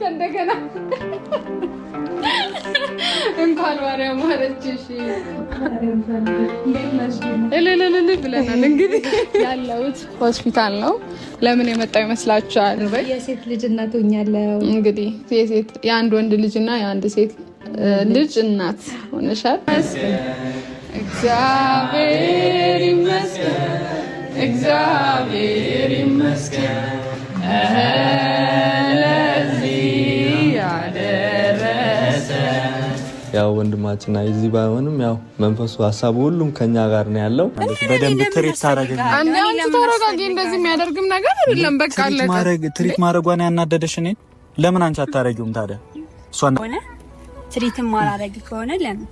ከእንደገና እንኳን ማርያም ማረችሽ እልልልል ብለናል። እንግዲህ ያለሁት ሆስፒታል ነው። ለምን የመጣው ይመስላችኋል? የሴት ልጅ እናት ሆኛለሁ። እንግዲህ የሴት የአንድ ወንድ ልጅና የአንድ ሴት ልጅ እናት ሆነሻል። እግዚአብሔር ይመስገን፣ እግዚአብሔር ይመስገን። ያው ወንድማችን ና እዚህ ባይሆንም ያው መንፈሱ ሀሳቡ ሁሉም ከኛ ጋር ነው ያለው። በደንብ ትሪት ታረገኝ አንዳንድ ተረጋጊ። እንደዚህ የሚያደርግም ነገር አይደለም። በቃ ትሪት ማድረጓን ያናደደሽ እኔን ለምን አንቺ አታረጊውም ታዲያ? እሷ ሆነ ትሪትም ማላረግ ከሆነ ለምን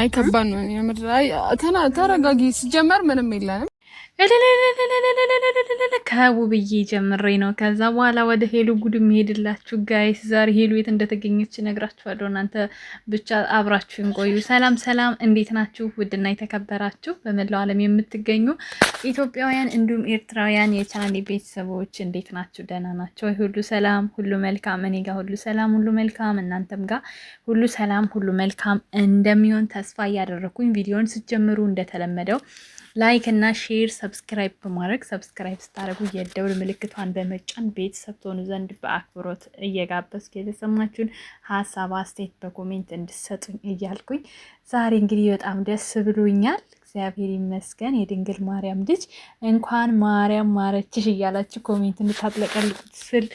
አይ ከባድ ነው። ተረጋጊ። ሲጀመር ምንም የለንም። ከውብዬ ጀምሬ ነው። ከዛ በኋላ ወደ ሄሉ ጉድ የሚሄድላችሁ ጋይስ፣ ዛሬ ሄሉ የት እንደተገኘች እነግራችኋለሁ። እናንተ ብቻ አብራችሁን ቆዩ። ሰላም ሰላም፣ እንዴት ናችሁ? ውድና የተከበራችሁ በመላው ዓለም የምትገኙ ኢትዮጵያውያን እንዲሁም ኤርትራውያን የቻናሌ ቤተሰቦች እንዴት ናችሁ? ደህና ናቸው? ሁሉ ሰላም፣ ሁሉ መልካም። እኔ ጋር ሁሉ ሰላም፣ ሁሉ መልካም። እናንተም ጋር ሁሉ ሰላም፣ ሁሉ መልካም እንደሚሆን ተስፋ እያደረግኩኝ ቪዲዮን ስትጀምሩ እንደተለመደው ላይክ እና ሼር ሰብስክራይብ በማድረግ ሰብስክራይብ ስታደርጉ የደውል ምልክቷን በመጫን ቤተሰብ ትሆኑ ዘንድ በአክብሮት እየጋበዝኩ የተሰማችሁን ሀሳብ አስተያየት በኮሜንት እንድሰጡኝ እያልኩኝ ዛሬ እንግዲህ በጣም ደስ ብሎኛል። እግዚአብሔር ይመስገን። የድንግል ማርያም ልጅ እንኳን ማርያም ማረችሽ እያላችሁ ኮሜንት እንድታጥለቀልቁት ስል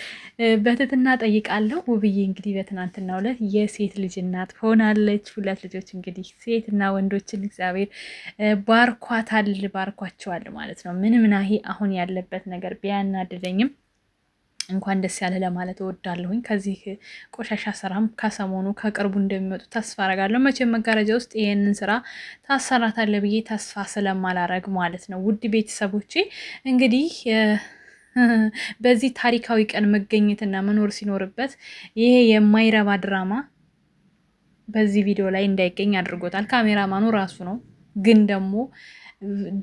በትትና ጠይቃለሁ። ውብዬ እንግዲህ በትናንትናው ዕለት የሴት ልጅ እናት ሆናለች። ሁለት ልጆች እንግዲህ ሴትና ወንዶችን እግዚአብሔር ባርኳታል፣ ባርኳቸዋል ማለት ነው። ምንም ናሂ አሁን ያለበት ነገር ቢያናድደኝም እንኳን ደስ ያለህ ለማለት እወዳለሁኝ። ከዚህ ቆሻሻ ስራም ከሰሞኑ ከቅርቡ እንደሚወጡ ተስፋ አረጋለሁ። መቼም መጋረጃ ውስጥ ይህንን ስራ ታሰራታለ ብዬ ተስፋ ስለማላረግ ማለት ነው። ውድ ቤተሰቦቼ እንግዲህ በዚህ ታሪካዊ ቀን መገኘትና መኖር ሲኖርበት ይሄ የማይረባ ድራማ በዚህ ቪዲዮ ላይ እንዳይገኝ አድርጎታል። ካሜራማኑ ራሱ ነው ግን ደግሞ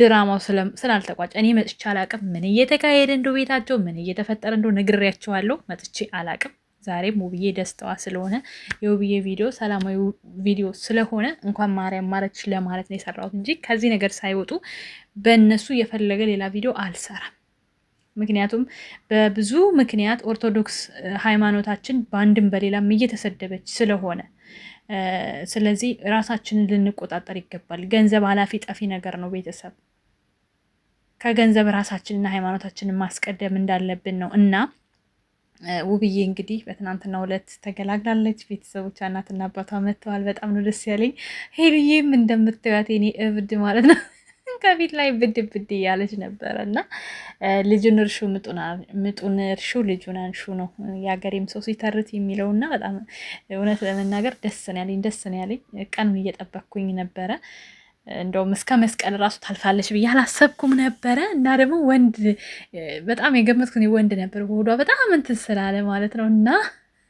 ድራማው ስላልተቋጭ እኔ መጥቼ አላቅም። ምን እየተካሄደ እንደው ቤታቸው ምን እየተፈጠረ እንደ ነግሬያቸዋለሁ። መጥቼ አላቅም። ዛሬም ውብዬ ደስታዋ ስለሆነ የውብዬ ቪዲዮ ሰላማዊ ቪዲዮ ስለሆነ እንኳን ማርያም ማረች ለማለት ነው የሰራሁት እንጂ ከዚህ ነገር ሳይወጡ በእነሱ የፈለገ ሌላ ቪዲዮ አልሰራም። ምክንያቱም በብዙ ምክንያት ኦርቶዶክስ ሃይማኖታችን በአንድም በሌላም እየተሰደበች ስለሆነ ስለዚህ ራሳችንን ልንቆጣጠር ይገባል። ገንዘብ ኃላፊ ጠፊ ነገር ነው። ቤተሰብ ከገንዘብ ራሳችንና ሃይማኖታችንን ማስቀደም እንዳለብን ነው እና ውብዬ እንግዲህ በትናንትና ሁለት ተገላግላለች። ቤተሰቦቿ እናትና አባቷ መጥተዋል። በጣም ነው ደስ ያለኝ። ሄሉዬም እንደምትያት የኔ እብድ ማለት ነው ከፊት ላይ ብድ ብድ እያለች ነበረ እና ልጁን እርሹ ምጡን እርሹ ልጁን አንሹ ነው የሀገሬም ሰው ሲተርት የሚለው እና በጣም እውነት ለመናገር ደስ ነው ያለኝ፣ ደስ ነው ያለኝ። ቀኑን እየጠበቅኩኝ ነበረ። እንደውም እስከ መስቀል ራሱ ታልፋለች ብዬ አላሰብኩም ነበረ። እና ደግሞ ወንድ በጣም የገመትኩት ወንድ ነበር። ሆዷ በጣም እንትን ስላለ ማለት ነው እና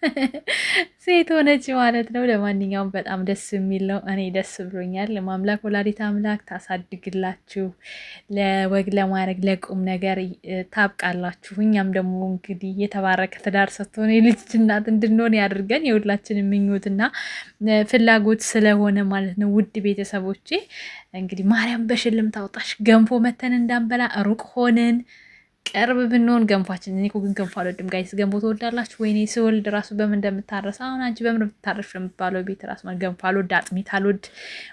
ሴት ሆነች ማለት ነው። ለማንኛውም በጣም ደስ የሚል ነው። እኔ ደስ ብሎኛል። ማምላክ ወላዲት አምላክ ታሳድግላችሁ፣ ለወግ ለማድረግ ለቁም ነገር ታብቃላችሁ። እኛም ደግሞ እንግዲህ የተባረከ ትዳር ሰጥቶን የልጅ እናት እንድንሆን ያድርገን የሁላችን ምኞትና ፍላጎት ስለሆነ ማለት ነው። ውድ ቤተሰቦቼ እንግዲህ ማርያም በሽልም ታውጣሽ። ገንፎ መተን እንዳንበላ ሩቅ ሆንን ቅርብ ብንሆን ገንፏችን። እኔ እኮ ግን ገንፎ አልወድም ጋይስ። ገንፎ ትወዳላችሁ? ወይኔ ስወልድ ራሱ በምን እንደምታረስ አሁን አንቺ በምን ብታረሽ ለምባለው ቤት ራሱ ገንፎ አልወድ፣ አጥሚት አልወድ።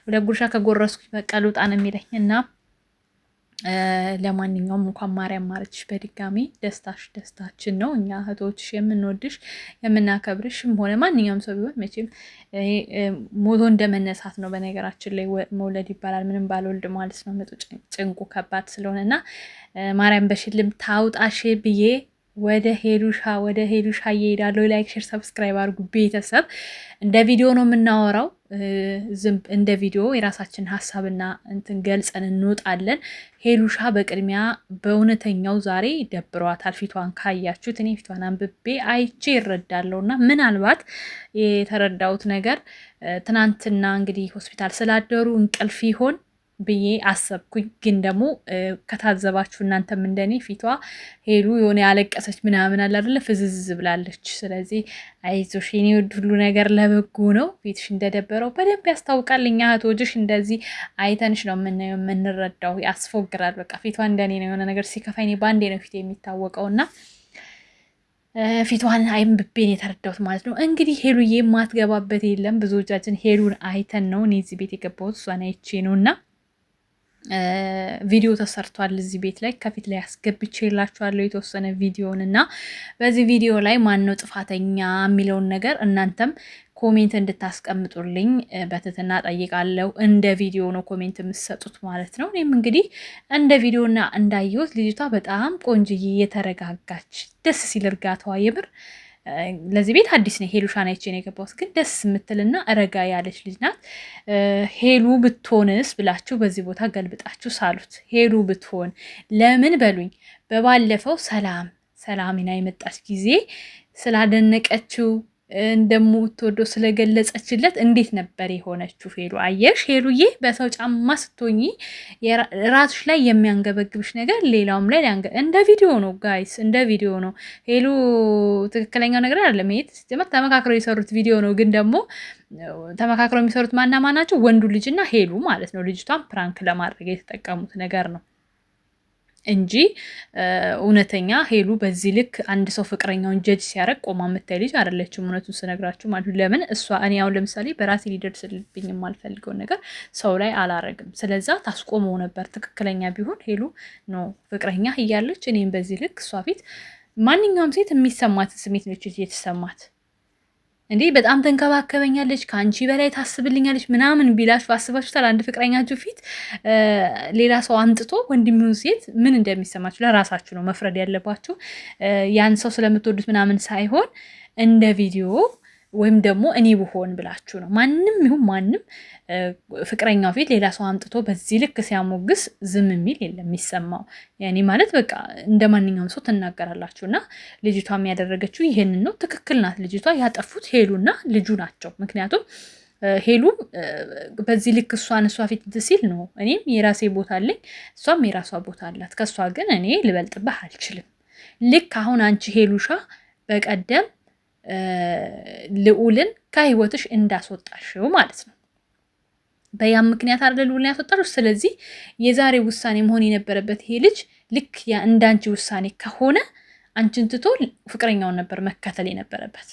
ሁለት ጉርሻ ከጎረስኩኝ በቃ ልውጣ ነው የሚለኝ እና ለማንኛውም እንኳን ማርያም ማረችሽ በድጋሚ። ደስታሽ ደስታችን ነው። እኛ እህቶችሽ የምንወድሽ የምናከብርሽም ሆነ ማንኛውም ሰው ቢሆን መቼም ሞቶ እንደመነሳት ነው። በነገራችን ላይ መውለድ ይባላል ምንም ባልወልድ ማለት ነው። ምጡ ጭንቁ ከባድ ስለሆነ እና ማርያም በሽልም ታውጣሽ ብዬ ወደ ሄዱሻ ወደ ሄዱሻ እየሄዳለሁ። ላይክ፣ ሼር፣ ሰብስክራይብ አድርጉ ቤተሰብ። እንደ ቪዲዮ ነው የምናወራው። ዝም እንደ ቪዲዮ የራሳችን ሀሳብና እንትን ገልጸን እንወጣለን። ሄዱሻ በቅድሚያ በእውነተኛው ዛሬ ደብሯታል። ፊቷን ካያችሁት እኔ ፊቷን አንብቤ አይቼ ይረዳለሁ እና ምናልባት የተረዳሁት ነገር ትናንትና እንግዲህ ሆስፒታል ስላደሩ እንቅልፍ ይሆን ብዬ አሰብኩኝ። ግን ደግሞ ከታዘባችሁ እናንተም እንደኔ ፊቷ ሄሉ የሆነ ያለቀሰች ምናምን አለ አይደለ ፍዝዝ ብላለች። ስለዚህ አይዞሽ የኔ ውድ ሁሉ ነገር ለበጎ ነው። ፊትሽ እንደደበረው በደንብ ያስታውቃል። እኛ እህቶችሽ እንደዚህ አይተንሽ ነው የምናየው የምንረዳው። ያስፎግራል። በቃ ፊቷ እንደኔ ነው። የሆነ ነገር ሲከፋኝ በአንዴ ነው ፊት የሚታወቀው እና ፊቷን አይም ብቤን የተረዳሁት ማለት ነው። እንግዲህ ሄሉ የማትገባበት የለም። ብዙዎቻችን ሄሉን አይተን ነው እኔ እዚህ ቤት የገባሁት እሷን አይቼ ነው እና ቪዲዮ ተሰርቷል እዚህ ቤት ላይ ከፊት ላይ ያስገብቼ የተወሰነ ቪዲዮን እና በዚህ ቪዲዮ ላይ ማነው ጥፋተኛ የሚለውን ነገር እናንተም ኮሜንት እንድታስቀምጡልኝ በትትና ጠይቃለሁ። እንደ ቪዲዮ ነው ኮሜንት የምትሰጡት ማለት ነው። እኔም እንግዲህ እንደ ቪዲዮና እንዳየሁት ልጅቷ በጣም ቆንጅዬ የተረጋጋች ደስ ሲል እርጋታዋ የምር ለዚህ ቤት አዲስ ነ ሄሉ ሻናይቼ ነው የገባሁት፣ ግን ደስ የምትልና ረጋ ያለች ልጅ ናት። ሄሉ ብትሆንስ ብላችሁ በዚህ ቦታ ገልብጣችሁ ሳሉት። ሄሉ ብትሆን ለምን በሉኝ። በባለፈው ሰላም ሰላሚና የመጣች ጊዜ ስላደነቀችው እንደምትወዶ ስለገለጸችለት እንዴት ነበር የሆነችው? ሄሉ አየሽ፣ ሄሉዬ በሰው ጫማ ስትሆኚ ራስሽ ላይ የሚያንገበግብሽ ነገር ሌላውም ላይ እንደ ቪዲዮ ነው ጋይስ፣ እንደ ቪዲዮ ነው። ሄሉ ትክክለኛው ነገር አለ ይሄ ስትመት ተመካክረው የሰሩት ቪዲዮ ነው። ግን ደግሞ ተመካክረው የሚሰሩት ማና ማናቸው? ወንዱ ልጅና ሄሉ ማለት ነው። ልጅቷን ፕራንክ ለማድረግ የተጠቀሙት ነገር ነው። እንጂ እውነተኛ ሄሉ በዚህ ልክ አንድ ሰው ፍቅረኛውን ጀጅ ሲያደርግ ቆማ የምታይ ልጅ አይደለችም። እውነቱን ስነግራችሁ ማለት ለምን እሷ እኔ አሁን ለምሳሌ በራሴ ሊደርስልብኝ የማልፈልገውን ነገር ሰው ላይ አላረግም። ስለዛ ታስቆመው ነበር። ትክክለኛ ቢሆን ሄሉ ነው ፍቅረኛ እያለች እኔም በዚህ ልክ እሷ ፊት ማንኛውም ሴት የሚሰማትን ስሜት ነች የተሰማት እንዴ በጣም ተንከባከበኛለች፣ ከአንቺ በላይ ታስብልኛለች ምናምን ቢላችሁ አስባችሁታል? አንድ ፍቅረኛችሁ ፊት ሌላ ሰው አምጥቶ ወንድም ሴት ምን እንደሚሰማችሁ ለራሳችሁ ነው መፍረድ ያለባችሁ። ያን ሰው ስለምትወዱት ምናምን ሳይሆን እንደ ቪዲዮ ወይም ደግሞ እኔ ብሆን ብላችሁ ነው። ማንም ይሁን ማንም ፍቅረኛው ፊት ሌላ ሰው አምጥቶ በዚህ ልክ ሲያሞግስ ዝም የሚል የለም የሚሰማው። ያኔ ማለት በቃ እንደ ማንኛውም ሰው ትናገራላችሁ። እና ልጅቷ ያደረገችው ይሄንን ነው። ትክክል ናት ልጅቷ። ያጠፉት ሄሉና ልጁ ናቸው። ምክንያቱም ሄሉ በዚህ ልክ እሷን እሷ ፊት ሲል ነው እኔም የራሴ ቦታ አለኝ እሷም የራሷ ቦታ አላት። ከእሷ ግን እኔ ልበልጥብህ አልችልም። ልክ አሁን አንቺ ሄሉሻ በቀደም ልዑልን ከህይወትሽ እንዳስወጣሽው ማለት ነው። በያም ምክንያት አለ ልዑልን ያስወጣሽው። ስለዚህ የዛሬ ውሳኔ መሆን የነበረበት ይሄ ልጅ ልክ እንዳንቺ ውሳኔ ከሆነ አንቺን ትቶ ፍቅረኛውን ነበር መከተል የነበረበት።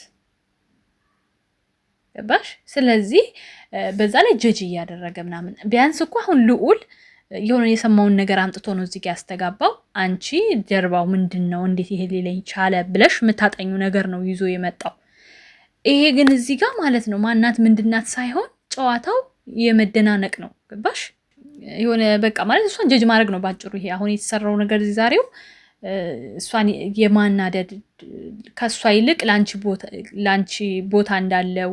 ገባሽ? ስለዚህ በዛ ላይ ጀጅ እያደረገ ምናምን ቢያንስ እኮ አሁን ልዑል የሆነ የሰማውን ነገር አምጥቶ ነው እዚህ ያስተጋባው። አንቺ ጀርባው ምንድን ነው እንዴት ይሄ ሊለኝ ቻለ ብለሽ የምታጠኙ ነገር ነው ይዞ የመጣው። ይሄ ግን እዚህ ጋር ማለት ነው ማናት ምንድናት ሳይሆን ጨዋታው የመደናነቅ ነው። ገባሽ? የሆነ በቃ ማለት እሷን ጀጅ ማድረግ ነው ባጭሩ። ይሄ አሁን የተሰራው ነገር ዛሬው እሷን የማናደድ ከእሷ ይልቅ ላንቺ ቦታ እንዳለው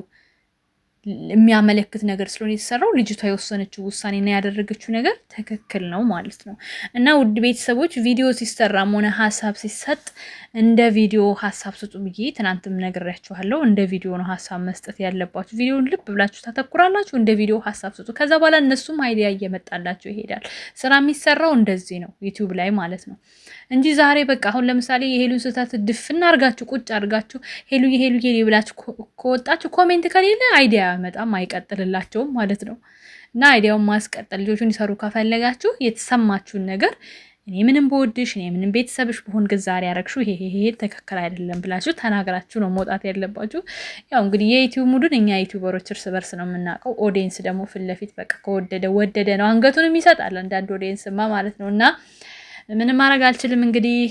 የሚያመለክት ነገር ስለሆነ የተሰራው ልጅቷ የወሰነችው ውሳኔና ያደረገችው ነገር ትክክል ነው ማለት ነው። እና ውድ ቤተሰቦች ቪዲዮ ሲሰራም ሆነ ሀሳብ ሲሰጥ እንደ ቪዲዮ ሀሳብ ስጡ ብዬ ትናንትም ነግሬያችኋለሁ። እንደ ቪዲዮ ነው ሀሳብ መስጠት ያለባችሁ። ቪዲዮን ልብ ብላችሁ ታተኩራላችሁ። እንደ ቪዲዮ ሀሳብ ስጡ። ከዛ በኋላ እነሱም አይዲያ እየመጣላቸው ይሄዳል። ስራ የሚሰራው እንደዚህ ነው፣ ዩቲዩብ ላይ ማለት ነው እንጂ ዛሬ በቃ አሁን ለምሳሌ የሄሉን ስህተት ድፍና አርጋችሁ ቁጭ አርጋችሁ ሄሉ ሄሉዬ ብላችሁ ከወጣችሁ ኮሜንት ከሌለ አይዲያ አያመጣም፣ አይቀጥልላቸውም ማለት ነው። እና አይዲያውን ማስቀጠል ልጆቹን ይሰሩ ከፈለጋችሁ የተሰማችሁን ነገር እኔ ምንም በወድሽ እኔ ምንም ቤተሰብሽ በሆን ግን ዛሬ ያረግሽው ይሄ ይሄ ትክክል አይደለም ብላችሁ ተናግራችሁ ነው መውጣት ያለባችሁ። ያው እንግዲህ የዩቲዩብ ሙዱን እኛ ዩቲዩበሮች እርስ በርስ ነው የምናውቀው። ኦዲየንስ ደግሞ ፊት ለፊት በቃ ከወደደ ወደደ ነው፣ አንገቱንም ይሰጣል አንዳንድ ኦዲየንስማ ማለት ነው እና ምንም ማድረግ አልችልም። እንግዲህ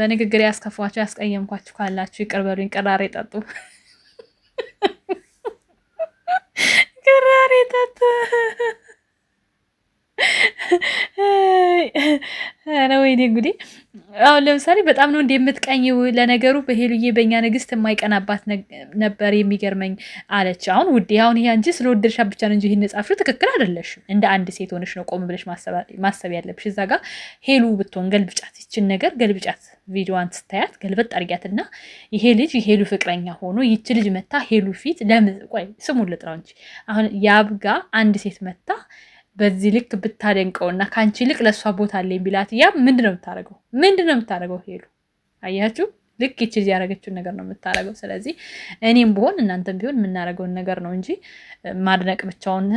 በንግግር ያስከፏቸው ያስቀየምኳችሁ ካላችሁ ይቅር በሉኝ። ቅራሬ ጠጡ። ወተት ኧረ ወይኔ ጉዴ አሁን ለምሳሌ በጣም ነው እንዴ የምትቀኝው። ለነገሩ በሄሉዬ በእኛ ንግስት የማይቀናባት ነበር የሚገርመኝ አለች። አሁን ውዴ፣ አሁን ይሄ አንቺ ስለወደድሻ ብቻ ነው እንጂ ይህን ጻፍሽው ትክክል አይደለሽም። እንደ አንድ ሴት ሆነሽ ነው ቆም ብለሽ ማሰብ ያለብሽ። እዛ ጋ ሄሉ ብትሆን ገልብጫት፣ ይችን ነገር ገልብጫት። ቪዲዮዋን ስታያት ገልበጥ አድርጊያትና ይሄ ልጅ የሄሉ ፍቅረኛ ሆኖ ይች ልጅ መታ ሄሉ ፊት ለምን ቆይ ስሙን ልጥራው እንጂ አሁን ያብጋ አንድ ሴት መታ በዚህ ልክ ብታደንቀውና ከአንቺ ይልቅ ለእሷ ቦታ አለኝ ቢላት ያ ምንድን ነው የምታደርገው? ምንድን ነው የምታደርገው? ሄሉ አያችሁ፣ ልክ ይቺ ያደረገችውን ነገር ነው የምታደርገው። ስለዚህ እኔም ብሆን እናንተም ቢሆን የምናደርገውን ነገር ነው እንጂ ማድነቅ ብቻውን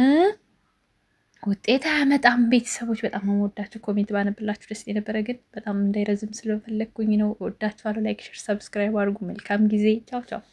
ውጤት አያመጣም። ቤተሰቦች በጣም የምወዳችሁ ኮሜንት ባነብላችሁ ደስ የነበረ ግን በጣም እንዳይረዝም ስለፈለግኩኝ ነው። እወዳችኋለሁ። ላይክ፣ ሼር፣ ሰብስክራይብ አድርጉ። መልካም ጊዜ። ቻው ቻው።